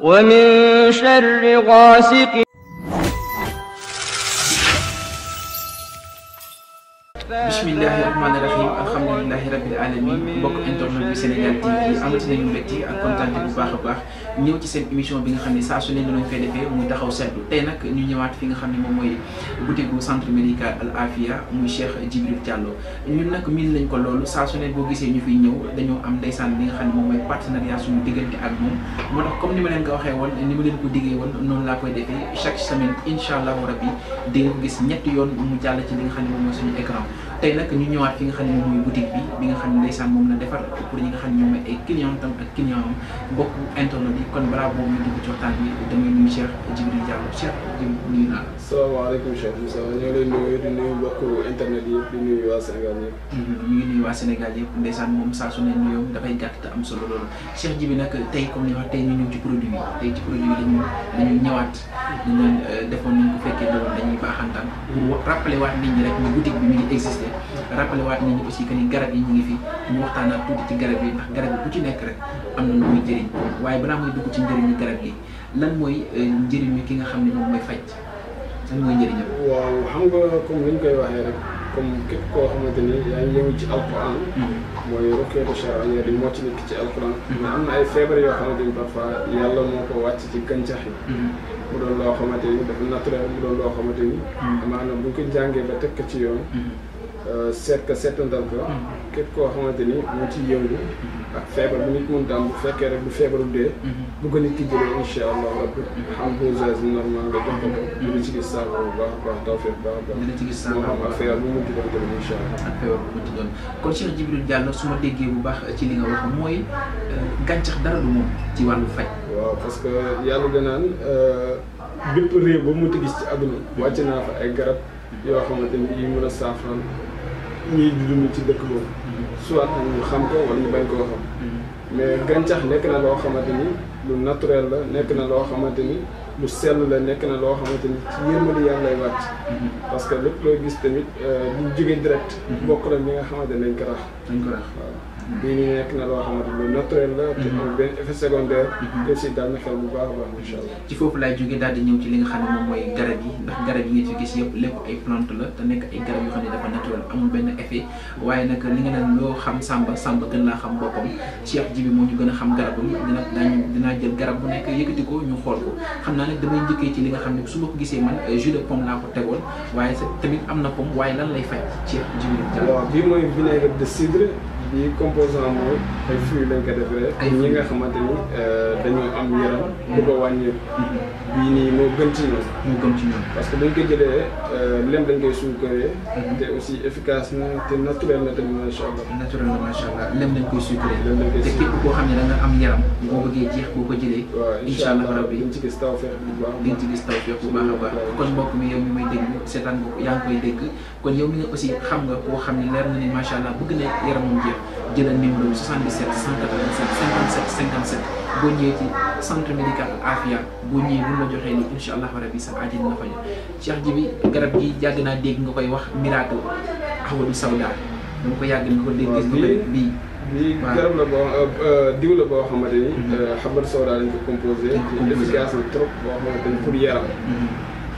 ومن شر غاسق bismillahi rahmaani rahim alhamdulilahi rabbil alamin mbokk internet bi Sénégal ak kontaan bu baax a baax ñëw ci seen émission bi nga xam ne saa su ne lañ koy defee muy taxaw seetlu tey nag ñu ñëwaat fi nga xam ne moom mooy boutique bu centre médical Al Afia muy Cheikh Djibril Diallo ñun nag miin nañ ko loolu saa su ne boo gisee ñu fiy ñëw dañoo am ndeysaan li nga xam ne moom mooy partenariat suñu diggante ak moom moo tax comme ni ma leen ko waxee woon ni ma leen ko diggee woon noonu laa koy defee chaque semaine incha mu jàll ci li nga xam ne moom mooy tay nak ñu ñëwaat fi nga xamni ne moom mooy boutique bi bi nga xamni ndaysan moom la defar pour ñi nga xamni moom ay client tam ak client bokku bokk internet yi kon bravo boobu ñu dugg ci waxtaan bi da ngay nuyu Cheikh Djibril Diallo Cheikh Djibril nuyu naa la salaamaaleykum Cheikh musa ñu ngi lay nuyu di nuyu mbokk internet yëpp di nuyu wa Sénégal yëpp mhm, ñu ngi nuyu wa Sénégal yëpp ndaysan moom sa su ne nuyoom dafay gàtt te am solo loolu Cheikh Djibi nak tay comme ni wax tay ñu ñëw ci produit bi tay ci produit bi dañu dañu ñëwaat dañu euh, defoon ñu ko fekkee loolu dañuy baaxantaan pour rappeler waat nit ñi rek ni boutique bi mi ngi exister rappelé waat nañu aussi garab yi ñu ngi fi ñu waxtaanaat tuuti ci garab yi ndax garab yi bu ci nekk rek am na lu muy jëriñ waaye balaa mooy dugg ci njëriñu garab yi lan mooy euh, njëriñu ki nga xam ne moom mooy faj lan mooy njëriñam waaw xam nga comme li ñu koy waxee rek képp koo xamante ni yaa ci alquran mm-hmm. mooy rokeetu charia di ci alquran mm-hmm. mais am na ay feebar yoo xamante ni parfois yàlla moo ko wàcc ci gàncax yi mm-hmm. mu doon loo xamante ni dafa naturel mu doon loo xamante ni maanaam bu ñu ko jàngee ba teg ko ci yoon seet ka seetantal ko képp koo xamante ni mu ci yëngu ak feebar bu nit mun daan bu fekkee rek bu feebaru dee bu gën a ki jëlee insha allah mhm. mhm. ci gis saako bu baax baax tawfeex baax baax ak feebar bu mu ci doon jëlee insha ci doon kon Cheikh su ma déggee bu baax ci li nga wax mooy euh, gàncax dara du moom ci wàllu faj waaw parce que yàlla danaan euh, bépp réew ba mu ti gis ci àdduna wàcc naa fa ay garab mhm. yoo xamante ni yi mën a saafara ñuy dund ci dëkk boobu. soit ñu xam ko wala ñu bañ koo xam. mais gàncax nekk na loo xamante ni lu naturel la nekk na loo xamante ni lu sell la nekk na loo xamante ni ci yërmande yàlla lay wàcc. parce que lépp loo gis tamit lu jóge direct. bokk la ñi nga xamante ne dañ ko rax. dañ ko rax waaw. lii nii nekk na loo xamante ni naturel la. te mhm. amul benn effet secondaire. Mhm. te si a baax incha allah. ci foofu laay jógee daal di ñëw ci li nga xam ne moom mooy garab yi ndax garab yi nga ci gis yëpp lépp ay plante la te nekk ay garab yoo xam ne dafa naturel amul benn effet waaye nag li nga naan loo xam sàmba sàmba gën laa xam boppam Cheikh Jibi moo ñu gën a xam garabam dina daañu dinaa jël garab bu nekk yëkkati ko ñu xool ko xam naa nag damay njëkkee ci li nga xam ne su ma ko gisee man jus de pomme laa ko tegoon waaye tamit am na pomme waaye lan lay faj ci Jibi waaw bi composant mooy ay fruits lañ ko defaree. ay ñi nga xamante ni euh, dañoo am yaram. bu ko wàññeeku. bii nii moo gën ci ñoom. moo gën ci parce que dañ ko jëlee euh, lem dañ koy suukaree. Mhm. te aussi efficace na te na tamit macha allah. naturel na macha lem dañ koy suukaree. te képp koo xam ne da am yaram. boo bëggee jeex boo ko jëlee. waaw incha allah rabbi di nga ci gis tawfeex bu baax. di nga ci gis tawfeex baax a baax. kon mbokk mi yow mi may dégg seetaan ko yaa ngi koy dégg kon yow mi nga aussi xam nga koo xam ne leer na ni macha allah bëgg yaramam jeex jëlal numéro bi 77 187 57 57 boo ñëwee ci centre médical Afia boo ñëwee mun la joxee li incha allah rabi sa aji dina faj Cheikh ji bi garab gi yàgg naa dégg nga koy wax miracle Ahmadou Sawda dama ko yàgg nga ko dégg gis nga ko bii lii garab la boo euh, euh, boo xamante ni na mhm. euh, trop boo xamante ni pour yaram mhm.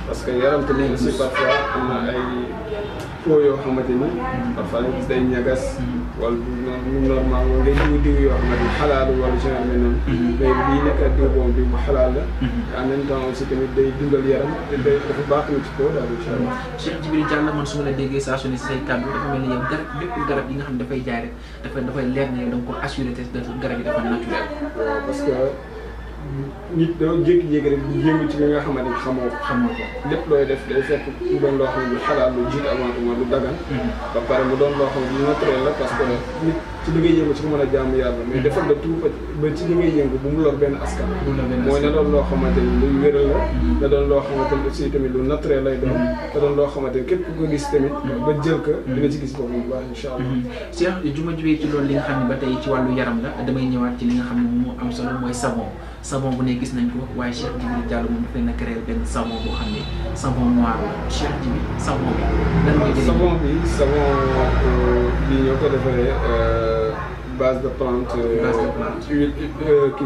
parce que yaram tamit aussi parfois am na ay foo yoo xamante ni parfois gis day ñagas wala du normal wala day diw diw yoo xamante ni xalaal wala genre mel noonu mhm. mais bii nekk diw boobu bu xalaal la mhm. en même temps aussi tamit day dundal yaram te day dafa baax ci kaw daal incha allah si say kàddu dafa mel ni garab bépp yi nga xam da nga ko assuré te garab yi dafa naturel waaw nit doo jékki-jékki rek di jéem ci li nga xamante ni xamoo ko. xamoo ko lépp looy def day fekk mu doon loo xam ne xalaat lu jiitu avant tout lu dagan. Mm-hmm. ba pare mu doon loo xam ne naturel la parce que nit. ci li ngay yëngu ci mën a jaamu yàlla mais defal la bu mu lor benn askan mooy na loo xamante ni luy wéral la na doon loo xamante ni aussi tamit lu naturel lay doon loo xamante képp ko gis tamit ba jël ko dina ci gis boobu bu baax incha allah mhm. Cheikh ju ma li nga xam ne ba tey ci wàllu yaram la damay ñëwaat ci li nga xam ne moo am solo mooy savon savon bu ne gis nañ ko waaye Cheikh Djibril Diallo moom dafay na créer benn savon boo xam ne bi lan bi savon euh, bi ko defaree euh, base de plante. base de euh, plante huile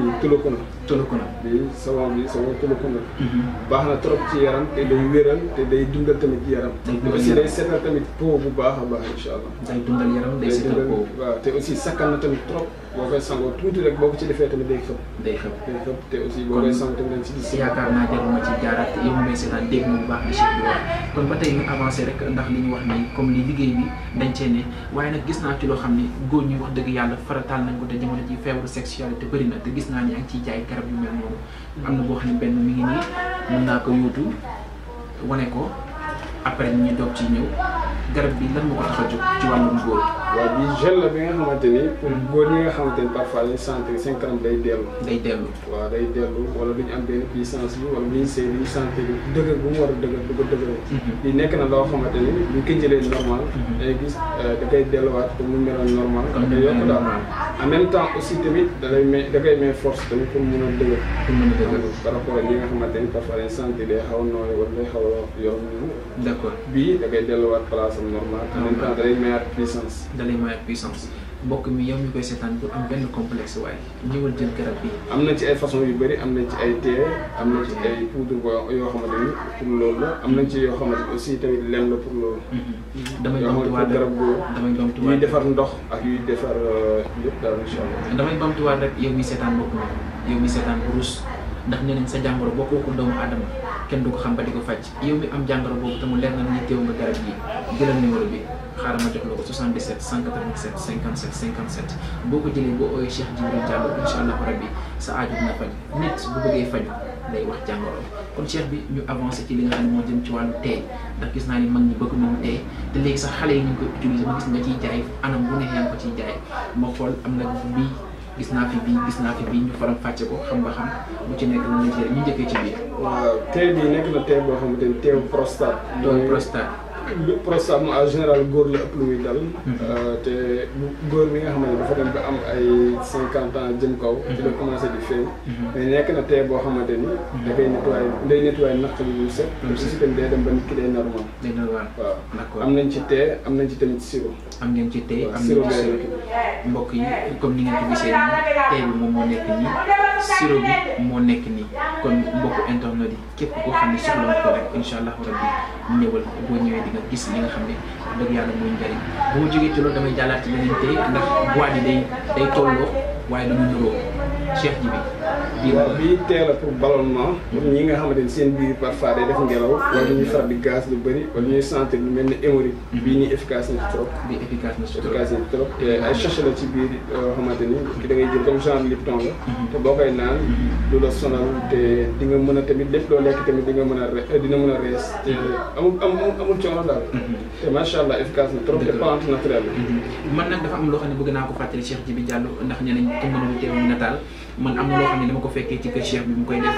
na tulukuna. tulukuna bi sama bi savon tulukuna. Mhm. baax na trop ci yaram te day wéral te day dundal tamit yaram. te aussi day setal tamit peau bu baax a baax incha allah. day dundal yaram day setal peau. waaw te aussi sakkan na tamit trop. boo koy sangoo tuuti rek boo ko ci defee tamit day xëpp. day xëpp day xëpp te aussi boo koy sang tamit dañ ma ci jaaraat yow mi may seetaan dégg na bu baax li chef bi wax kon ba tey ñu avancé rek ndax li ñu wax ni comme li liggéey bi dañ cee ne waaye nag gis naa ci loo xam ne góor ñi wax dëgg yàlla farataal nañ ko te jamono ji feebaru sexualité bëri na te gis naa ni yaa ngi jaay garab yu mel noonu. am na boo xam ne benn mu ngi nii mën naa ko yóotu wane ko après ñu doog ci ñëw. garab bi lan moo ko tax a jóg ci wàllum góor. waaw bi gel la bi nga xamante ni pour góor ñi nga xamante parfois dañuy sentir seen kanam day dellu. day dellu waaw day dellu wala bu ñu am benn puissance bi wala bu ñu see du ñu sentir dëgër bu mu war a dëgër du ko dëgëral. Mhm. lii nekk na loo xamante ni bu ñu ko jëlee normal. Mhm. day gis euh, da koy delluwaat pour mu meloon normal. da koy yokk daal. en même temps aussi tamit da lay force tamit pour mën a dëgër. pour mën a li nga xamante ni parfois dañ sentir day xaw a nooy wala xaw a yor noonu. d' accord bii da koy delluwaat place am normal. temps da lay mayaat puissance. da bok mi yow ñu koy seetaan bu am benn complexe waaye ñëwal jël garab bi. am na ci ay façon yu bëri am na ci ay thé am na ci ay poudre boo yoo xamante ni pour loolu la am nañ ci yoo xamante aussi tamit lenn la pour loolu. Mhm. damay bamtuwaat garab boobu damay bamtuwaat yuy defar ndox ak yuy defar euh, yëpp daal incha allah. damay bamtuwaat rek yow mi seetaan mbokk mi yow mi ndax sa jàngoro boo ko doomu aadama kenn du ko xam ba di ko faj yow mi am jàngoro boobu tamu mu leer na ni teew nga garab yi numéro bi. xaaral ma jox la ko 77 187 57 57 boo ko jëlee boo ooyee Cheikh Djibril Diallo incha allah rabbi sa aaju dina faj nit bu bëggee faju day wax jàngoro kon Cheikh bi ñu avancé ci li nga xam ne moo ci wàllu tey ndax gis naa ni mag ñi bëgg nañu tey te léegi sax xale yi ñu ngi koy utiliser ma gis nga ciy jaay anam bu ne yaa ngi ko ciy jaay moo xool am na bii gis naa fi bii gis naa fi bii ñu faram fàcce ko xam ba xam bu ci nekk lan la ci ñu njëkkee ci biir. waaw tey bii nekk na tey boo xamante ni teewu prostate. loolu prostate en général góor la ëpp lu muy dal. Hmm. Euh, te góor bi nga xam ne dafa dem ba am ay cinquante ans jëm kaw. Hmm. ci la commencé di feeñ. Hmm. mais nekk na tee boo xamante ni. da koy nettoyé day nettoyé naqari yu set. te système day dem ba nit ki day normal. waaw am nañ ci tee am nañ ci tamit sirop. am na ci tee am nañ ci sirop mbokk yi comme ni ngeen ko gisee nii tee moom moo nekk nii. sirop bi moo nekk nii kon mbokk internet yi képp koo xam ne soxla ko rek incha allah rabbi ñëwal boo ñëwee di nga gis li nga xam ne dëgg yàlla mooy njëriñ boo ma jógee ci damay jàllaat ci leneen tey ndax boîte yi day day tolloo waaye dañu nuroo cheikh ji bi bi teel a pour ballonnement moom ñi nga xamante ni seen biir parfois day def ngelaw wala ñuy faral di gaz lu bëri wala ñuy sentir lu mel ni hémorroïde mhm. bii nii efficace na trop bii efficace na trop te euh, ay sachet ci biir yoo xamante ni ki da ngay jël comme genre lipton la mhm. te boo koy naan mhm. du la sonal te di nga mën a tamit lépp loo lekk tamit di mën a dina mën a rees te amul amul amul coono daal te macha allah efficace na trop te plante naturelle man nag dafa am loo xam ne bëgg naa ko fàttali Cheikh Djibi Diallo man am na loo xam ne dama ko fekkee ci kër cheikh bi mu koy def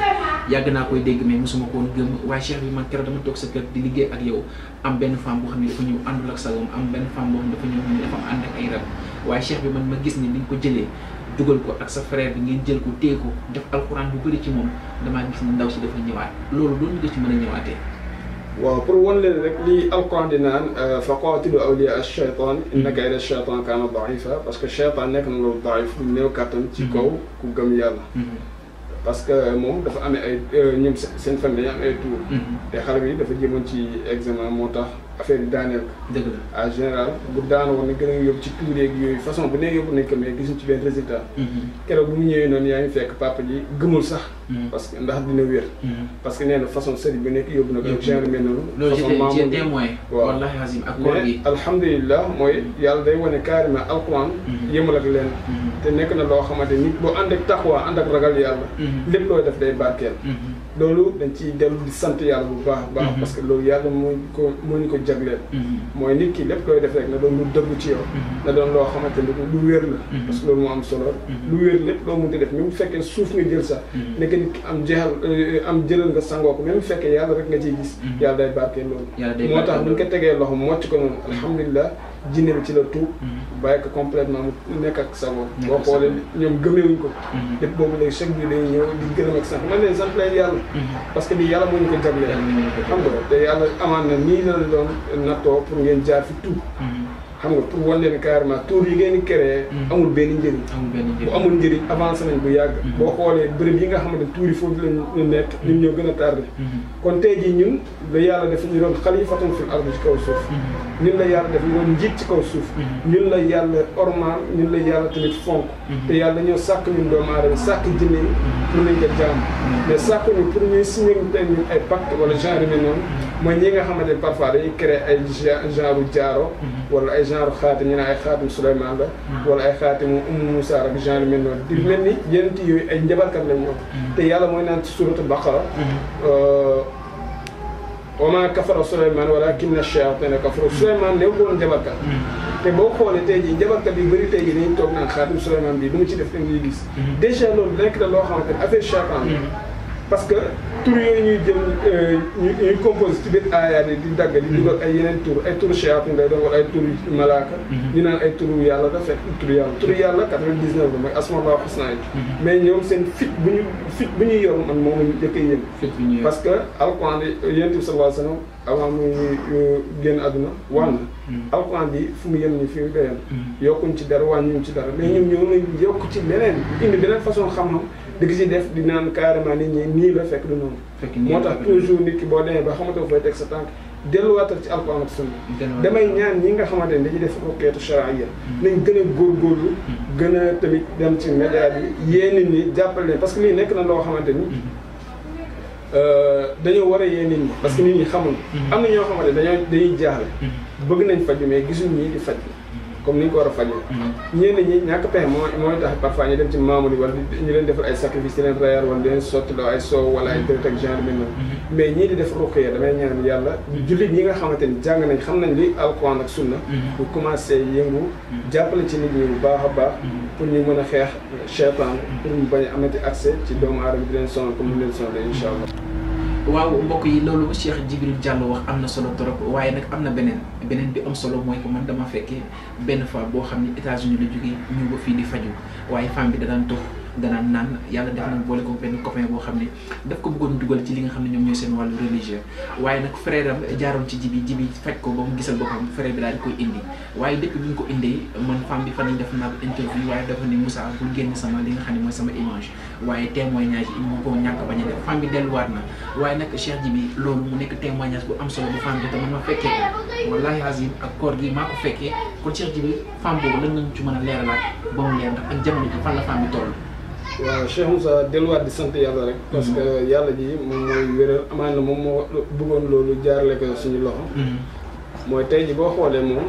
yàgg naa koy dégg mais mosuma ko woon gëm waaye cheikh bi man keroog dama toog sa kër di liggéey ak yow am benn femme boo xam ne dafa ñëw ak sagom am benn femme boo xam ne dafa ñëw ne dafa ànd ak ay rab waaye cheikh bi man ma gis ni ni ko jëlee dugal ko ak sa frère bi ngeen jël ko téye ko def alxuraan bu bëri ci moom damaa gis ni ndaw si dafa ñëwaat loolu doon nga ci mën a ñëwaatee waaw pour wan leen rek li alquran di naan euh, fa qaatilu awliya ash-shaytaan inna kayda ash-shaytaan kaana daifa parce que shaytaan nekk na loolu daif lu néew kattan ci kaw ku gëm yàlla parce que moom dafa amee ay euh, ñoom seen fan dañu am ay tour mm-hmm. te xale bi dafa jëmoon ci examen moo tax affaire yi daaneel ko. dëgg la en général bu daanoo woon nañ gën a yóbbu ci tuur yeeg yooyu façon bu nee yóbbu nañ ko mais gisuñ ci benn résultat. Mhm. keroog bu mu ñëwee noonu yaa ngi fekk papa ji gëmul sax. Mhm. parce que ndax dina wér. Mhm. parce que nee na façon sëriñ bi nekk yóbbu na ko. genre mel noonu. façon maamu loolu témoin. waaw wallaahi azim mooy yàlla day wane carrément alquran. yëmal ak leen. te nekk na loo xamante ni boo ànd ak taxawaay ànd ak ragal yàlla. lépp looy def day barkeel. loolu dañ ciy dellu di sant yàlla bu baax baax mhm. parce que loolu yàlla moo ko moo ñu ko jagleel mhm. mooy nit kii lépp looy def rek na doon lu dëgg ci yow mhm. na doon loo xamante ni lu wér la parce que loolu moo am solo lu wér lépp loo mun di def même mu fekkee suuf nga jël sax nekk nit ki am jeexal euh, am jëlal nga sangoo ko même bu fekkee yàlla rek nga ciy gis yàlla day barkee loolu moo tax bu ñu ko tegee loxo mocc ko noonu alhamdulilah jinne bi ci la tuub mhm. bàyyi ko complètement mu nekk ak sago boo xoolee ñoom gëmeewuñ ko mhm. lépp boobu léegi chaque jour ñëw di gërëm ak sant man leen sant leen yàlla mhm. parce que bii yàlla moo ñu ko jagleel xam nga te yàlla amaan na nii la doon nattoo pour ngeen jaar fi xam nga pour wan leen carrément tour yi ngeen di créé. Hmm. amul benn njëriñ. amul benn njëriñ bu amul njëriñ avancé nañ bu yàgg. Hmm. boo xoolee bërëb yi nga xamante ne tour yi foofu lañ nekk. ñun ñoo a tardé. Hmm. kon tey jii ñun la yàlla def ñu doon xalifatun fil ardi ci kaw suuf. ñun la yàlla def ñu doon njiit ci kaw suuf. ñun la yàlla ormaal ñun la yàlla tamit fonk. te yàlla ñoo sàkk ñun doomu aadama sàkk jinne yi pour nañ ko jaam. mais sàkk ñu pour ñuy signé tey ñun ay pacte wala genre bi noonu. mooy ñi nga xamante ne parfois dañuy créer ay genre jaaro wala ay genre xaatim ñu ne ay xaatim Souleymane la wala ay xaatimu Umm Musa rek genre mel noonu di mel ni yenent yooyu ay njabarkat lañ ñoom te yàlla mooy naan ci suratul Baqara wama kafara Souleymane walakin kinna shayatina kafaru Souleymane néew doon njabarkat te boo xoolee tey jii njabarkat bi bëri tey jii dañuy toog naan xaatim Souleymane bi lu mu ci def da ngay gis dèjà loolu nekk na loo xamante ne affaire chatan parce que tur yooyu ñuy jël ñu euh, ñuy composé ci biir aayaat yi di dagg di dugal ay yeneen tur ay turu shayatin ngay doon wala ay turu malaaka mhm. ñu naan ay turu yàlla da turu yàlla turu mhm. yàlla quatre vingt dix la mooy asmaallah xusna yi mhm. mais ñoom seen fit bu ñu fit bu ñuy yor man moom la ñu jëkk yéen parce que alquran yonent bi sallallahu alayhi wa avant muy génn àdduna na mm-hmm. alxuraan bi fu mu yem nii fi mu koy yem. Mm-hmm. yokkuñ ci dara wàññiwuñ ci dara mais ñun ñoo ngi yokk ci leneen indi beneen façon xam-xam di ko si def di naan carrément nit ñi nii la fekk du noonu. moo tax toujours nit ki boo demee ba xamatoo fooy teg sa tànk delluwaatal ci alxuraan ak sunna damay ñaan ñi nga xamante ne dañuy def roquetu charia mm-hmm. nañ gën a góor góorgóorlu. gën a tamit dem ci média bi yéen nit jàppale leen parce que lii nekk na loo xamante ni. dañoo war a yee nit ñi parce que nit ñi xamuñu. am na ñoo xamante dañoo dañuy jaaxle. bëgg nañ faju mais gisuñ ñii di faj. comme ni ñu ko war a fajee. Mm-hmm. ñenn ñi ñàkk pexe moo mooy tax parfois ñu dem ci membre yi wala ñu leen defal ay sacrifice di leen reer wala di leen sottiloo ay soow wala ay deret mm-hmm. ñii di def ruqya damay ñaan yàlla jullit ñi nga xamante ni jàng nañ xam nañ li alquran ak sunna mm-hmm. pour commencer yëngu jàppale ci nit ñi bu baax a baax pour ñu mën a xeex cheytaan pour ñu bañ a amati accès ci doomu aadama di leen sonal comme ni leen sonalee incha allah waaw mbokk yi loolu Cheikh Djibril Diallo wax am na solo trop waaye nag am na beneen beneen bi am solo mooy ko man dama fekkee benn fois boo xam ne États-Unis la jógee ñu ba fii di faju waaye femme bi da daan tox danaan naan yàlla def nañ boole ko benn copain boo xam ne daf ko bëggoon dugal ci li nga xam ne ñoom ñooy seen wàllu religieux waaye nag frère am jaaroon ci jibi jibi faj ko ba mu gisal boppam frère bi daal di koy indi waaye depuis bi ñu ko indee man femme bi fan lañ def naa interview waaye dafa ne Moussa bu génn sama li nga xam sama image waaye témoignage yi ko ñàkk bañ a def femme delluwaat na waaye nag Cheikh Jibi loolu mu nekk témoignage bu am solo bu femme bi te man ma fekkee ko wallahi azim ak koor gi maa ko fekkee kon Cheikh Jibi femme boobu lan lañ ci mën a leeralaat ba mu leer ndax ak jamono ji fan la femme bi waaw euh, Cheikh Moussa delluwaat di sant yàlla rek. parce que mhm. yàlla ji moom mooy wéral amaan na moom moo bëggoon loolu jaarale ko suñu loxo. Mhm. mooy tey ji boo xoolee moom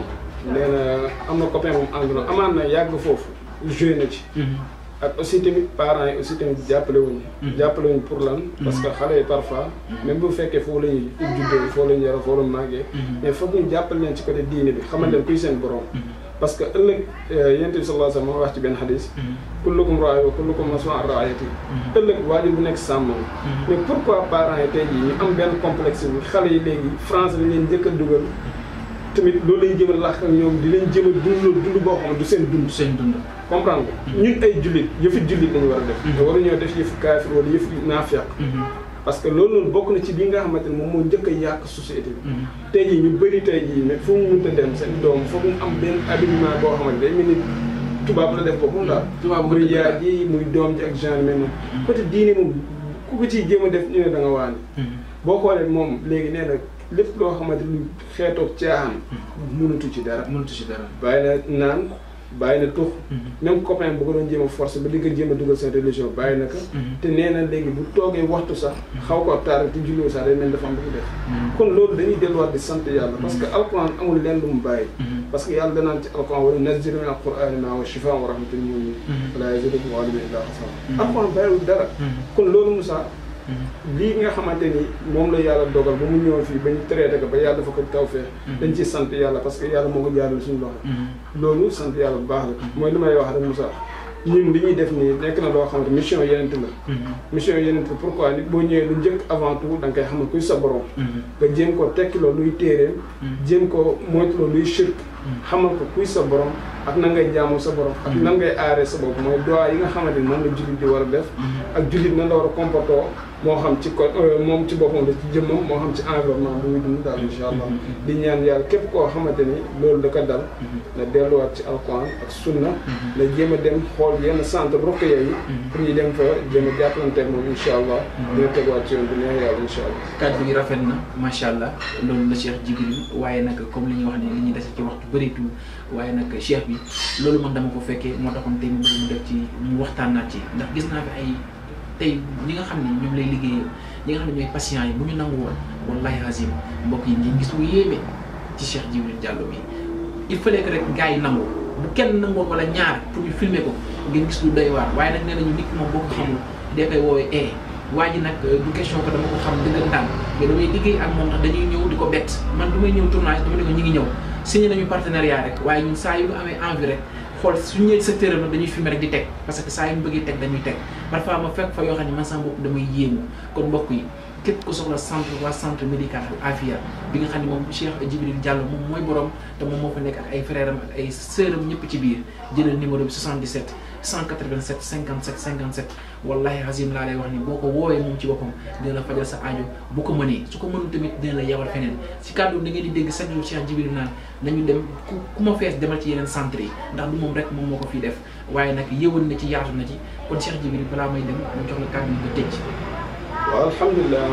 nee na am na copain moom ànd na amaan na yàgg foofu joué na ci. Mhm. ak aussi tamit parents yi aussi tamit jàppale wuñu jàppale wuñu pour lan parce que xale yi parfois même bu fekkee foofu la juddoo foofu la ñu yara foofu la ñu màggee mais foog ñu jàppale leen ci côté diine bi xamal leen kuy seen borom parce que ëllëg euh, yonent bi sallallahu alayhi wa wax ci benn xadis mm-hmm. kullukum raa'in wa kullukum mas'uulun an ra'iyyatihi mm-hmm. ëllëg waajur bu nekk sàmm la mm-hmm. mais pourquoi parents yi tey jii ñu am benn complexe bi xale yi léegi France lañ leen njëkk a dugal tamit loolu lay jëmal làq ak ñoom di leen jëmal dund loolu dund boo xam ne du seen dund seen dund comprendre nga ñu ay jullit yëfi jullit lañu war a def waru ñoo def yëfi kaafir wala yëfi naafiq parce que loolu noonu bokk na ci bii nga xamante ne moom moo njëkk a yàq société bi. Mm-hmm. tey jii ñu bëri tey jii mais fu mu mënta dem seen doom foog mu am benn habillement boo xamante day def ko moom daal. Mm-hmm. tubaab muy yaay muy doom ji ak genre mel noonu. Mm-hmm. côté diine moom ku ko ciy jéem a def ñu ne da nga waane. boo xoolee moom léegi nee na lépp loo xamante ni xeetoog caaxaan. mënatu ci dara mënatu ci dara. waaye na naan. bàyyi na tux mhm. même copain bu doon jéem force ba di nga dugal sa religion bàyyi na ko mhm. te nee léegi bu toogee waxtu sax mhm. xaw ko taar te julliwu sax day mel dafa am bu ko def kon loolu dañuy delluwaat di sant yàlla parce que alquran amul lenn lu mu bàyyi parce que yàlla danaan ci alquran wala naziru min alquran naa wa shifaa wa rahmatul mu'minin wala yazidu walimin illa xasara alquran bàyyiwul dara kon loolu Moussa Mhm. lii nga xamante ni moom la yàlla dogal ba mu ñëw fii ba ñu traité ko ba yàlla dafa ko tawfee mhm. dañ ci sant yàlla parce que yàlla moo ko jaaral suñu loxo mhm. loolu sant yàlla bu baax la mooy li may wax rek Moussa ñuy def nii nekk na loo xamante mission yenent la mission yenent la pourquoi nit ñëwee lu njëkk avant tout da nga koy xamal kuy sa borom nga jéem ko tekkiloo luy téeréem jéem ko moytuloo luy shirk ko kuy sa borom ak nan ngay jaamoo sa borom ak nan ngay aaree sa bopp mooy doa yi nga xamante ni man la jullit di war a def ak jullit na la war a comportoo moo xam ci ko euh, moom ci boppam la ci jëmmam moo xam ci environnement bu muy dund daal mhm. incha allah mhm. di ñaan yàlla képp koo xamante ni loolu da ko dal mhm. na delluwaat ci alquran ak sunna na jéem a dem xool yenn centre rokk yi pour ñu dem fa jéem a jàppalante moom incha allah dina tegaat ci yoon bu neex yàlla incha allah kàddu rafet na macha allah loolu la Cheikh Djibril waaye nag comme li ñuy wax ni li ñu dese ci waxtu bëreetul waaye nag Cheikh bi loolu man dama ko fekkee moo taxoon tey mu bëgg mu def ci ñu waxtaan naa ci ndax gis naa fi ay tey ñi nga xam ne ñoom lay liggéeyal ñi nga xam ne ñooy patients yi bu ñu nangu woon wallahi azim mbokk yi ngeen gis lu yéeme ci Cheikh Djibril Diallo bi il fa que rek gars yi nangu bu kenn nangoon wala ñaar pour ñu filmer ko ngeen gis lu doy waar waaye nag nee nañu nit moom boo ko xamul dee koy woowee ee eh, waa ji nag euh, du question que dama ko xam dëggantaan mais damay liggéey ak moom ndax dañuy ñëw di ko bett man du may ñëw tournage dama ne ko ñu ngi ñëw signé nañu partenariat rek waaye saa amee envie rek xool su ñëwee sa tërëm dañuy filmer rek di teg parce que saa yu ñu bëggee teg dañuy teg parfois ma fekk fa yoo xam ne man sama bopp damay yéemu kon mbokk yi képp ku soxla centre waa centre médical Afia bi nga xam ne moom Cheikh Djibril Diallo moom mooy borom te moom moo fa nekk ak ay frères am ak ay sœurs am ñëpp ci biir jëlal numéro bi 77. 187 57 57 wallahi xasim laa lay wax ni boo ko woowee moom ci boppam dina la fajal sa aajo bu ko mënee su ko mënul dina la yabal feneen si kàddu da ngeen dem ku ma fees demal ci yeneen centre yi ndax du moom rek moom moo ko fii def waaye nag yëwal na ci yaatu na ci kon Cheikh Jibril balaa may dem mu jox la kàddu nga tëj waaw alhamdulilah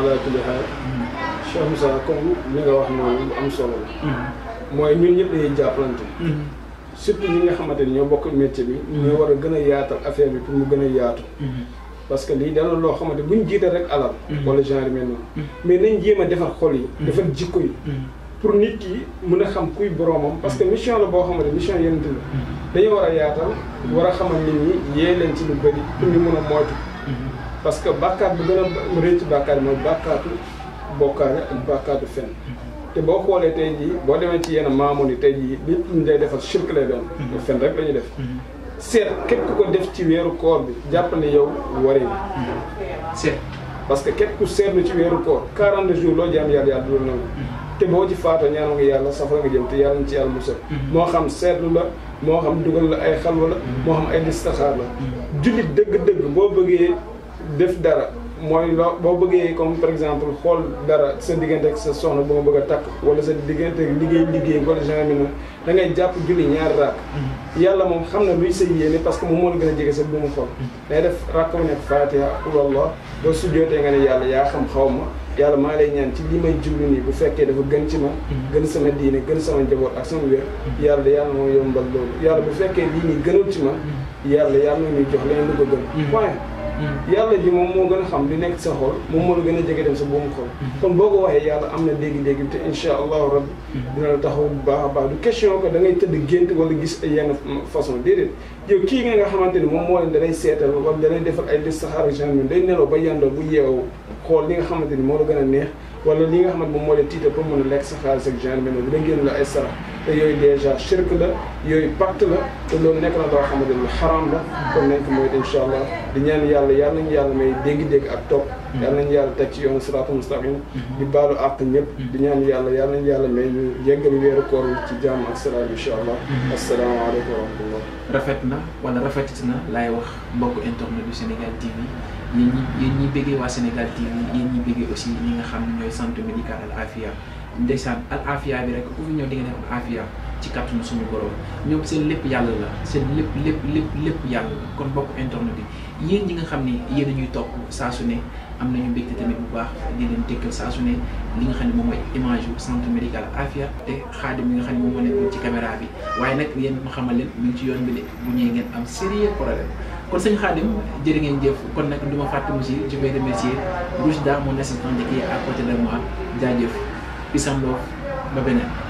am solo la mm-hmm. mooy ñun ñëpp jàppalante mm-hmm. surtout ñi nga xamante ni ñoo bokk métier bi. Mm-hmm. ñoo war a gën a yaatal affaire bi pour mu gën a yaatu. Mm-hmm. parce que lii dana loo xamante buñ jiital rek alal. Mm-hmm. wala genre mel noonu. mais nañ jéem a defar xol yi. defar jikko yi. pour nit ki mën a xam kuy boroomam parce que mission la boo xamante mission yenn la. dañu war a yaatal. war a xamal nit ñi yee leen ci lu bëri pour ñu mën a moytu. parce que bàkkaar bu gën a rëcc bàkkaar mooy bàkkaatu bokkaare ak bàkkaatu fenn. te boo xoolee tey jii boo demee ci yenn maamoon yi tey jii ñu lay defal shirk lay doon. Mhm. fen rek la ñuy def. Mhm. seet képp ku ko def ci weeru koor bi jàpp ne yow waree mhm. seet parce que képp ku seetlu ci weeru koor 40 jours loo jaam yàlla yàlla du nangu te boo ci faatoo ñaanal nga yàlla safara nga jëm te yàlla mu yàlla moo xam seetlu la moo xam dugal la ay xalwa la moo xam ay listaxaar la jullit dëgg-dëgg boo bëggee def dara moy lo bo beugé comme par exemple xol dara sa digënté ak sa soxna bo nga bëgg a wala sa digënté ak liggéey liggéey wala genre na da ngay japp julli ñaar rak mm-hmm. yalla mom xamna luy sey yene parce que mom mo la gëna jëgé sa bu mu xol mm-hmm. day def rak bu nek fatiha bo su sujjootee nga ne yalla ya xam yalla ma lay ñaan ci li may julli ni bu fekkee dafa gën ci ma mm-hmm. gën sama diiné gën sama njaboot ak sama wër yalla yalla mo yombal loolu yalla bu fekkee li ni gënul ci ma yalla yalla ñu jox leneen lu ko point yàlla ji moom moo gën a xam li nekk sa xool moom moo la gën a jege dem sa boobu xool kon boo ko waxee yàlla am na dégg-dégg te incha allahu rabbi dina la taxaw bu baax a baax du question que da ngay tëdd gént wala gis ay yenn façon déedéet yow kii nga nga xamante ni moom moo leen danay seetal wala danay defar ay des saxaar ak genre day nelaw ba yandoo bu yeewoo xool li nga xamante ni moo la gën a neex wala li nga xamante moom moo la tiital pour mën a lekk sa xaalis ak genre mel dina génn la ay sarax te yooyu dèjà shirk la yooyu pacte la te loolu nekk na loo xamante ni xaraam la kon nañ ko mooy incha allah di ñaan yàlla yàlla nañu yàlla may dégg-dégg ak topp mm-hmm. yàlla nañu yàlla teg ci yoon siraatul mustaqim mm-hmm. di baalu àq ñëpp mm-hmm. di ñaan yàlla yàlla nañu yàlla may ñu yeggal weeru koor ci jàmm ak salaam incha allah asalaamaaleykum wa rahmatullah rafet na wala rafetit na laay wax mbokk internet du Sénégal TV yéen ñi yéen ñi bëggee waa Sénégal TV yéen ñi bëggee aussi ñi nga xam ne ñooy centre médical Al Afia ndeysaan Al Afia bi rek ku fi ñëw di ne Al Afia ci kàttanu suñu borom ñoom seen lépp yàlla la seen lépp lépp lépp yàlla kon bokk internet bi yéen ñi nga xam ni yéen a ñuy topp saa su ne am nañu mbégte tamit bu baax di leen dëkkal saa su ne li nga xam ne moom mooy image yu centre médical Afia te xaadim mi nga xam ne moom moo nekkoon ci caméra bi waaye nag yéen ma xamal leen ci yoon bi de bu ñëwee ngeen am sérieux kon sëñ Khadim jërë ngeen jëf kon nag du ma fàtte monsieur je vais remercier Roujda mon assistant qui est à côté la moi jaajëf isam loof ba beneen.